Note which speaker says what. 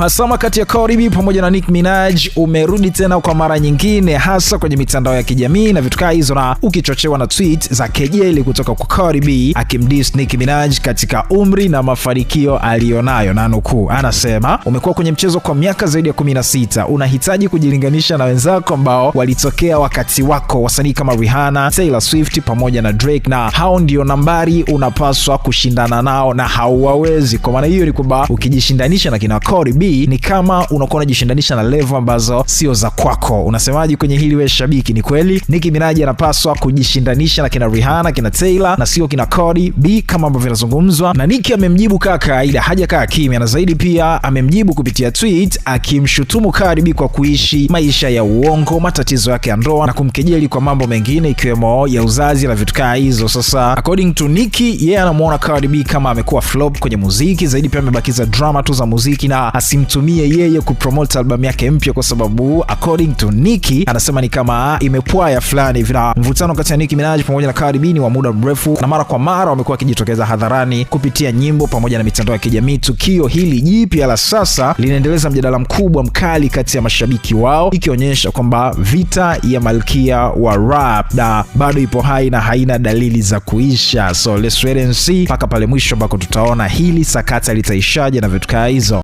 Speaker 1: Uhasama kati ya Cardi B pamoja na nick Minaj umerudi tena kwa mara nyingine, hasa kwenye mitandao ya kijamii na vitu kaa hizo, na ukichochewa na tweet za kejeli kutoka kwa Cardi B akimdiss Nick Minaj katika umri na mafanikio aliyonayo, na nukuu, anasema umekuwa kwenye mchezo kwa miaka zaidi ya 16, unahitaji kujilinganisha na wenzako ambao walitokea wakati wako, wasanii kama Rihanna, Taylor Swift pamoja na Drake, na hao ndio nambari unapaswa kushindana nao na hauwawezi. Kwa maana hiyo ni kwamba ukijishindanisha na kina Cardi B hii ni kama unakuwa unajishindanisha na levo ambazo sio za kwako. unasemaji kwenye hili we shabiki? Ni kweli niki minaji anapaswa kujishindanisha na kina rihana kina Taylor na sio kina Cardi B kama ambavyo inazungumzwa, na niki amemjibu kaa kawaida, haja kaa kimya, na zaidi pia amemjibu kupitia tweet akimshutumu Cardi B kwa kuishi maisha ya uongo, matatizo yake ya ndoa na kumkejeli kwa mambo mengine ikiwemo ya uzazi na vitu kaa hizo. Sasa according to niki yeye yeah, anamwona Cardi B kama amekuwa flop kwenye muziki, zaidi pia amebakiza drama tu za muziki na asi imtumie yeye kupromote albamu yake mpya, kwa sababu according to Nicki anasema ni kama imepwaya fulani hivi, na mvutano kati ya Nicki Minaj pamoja na Cardi B ni wa muda mrefu, na mara kwa mara wamekuwa wakijitokeza hadharani kupitia nyimbo pamoja na mitandao ya kijamii. Tukio hili jipya la sasa linaendeleza mjadala mkubwa mkali kati ya mashabiki wao, ikionyesha kwamba vita ya malkia wa rap na bado ipo hai na haina dalili za kuisha. So let's wait and see mpaka pale mwisho ambako tutaona hili sakata litaishaje na vitu kaa hizo.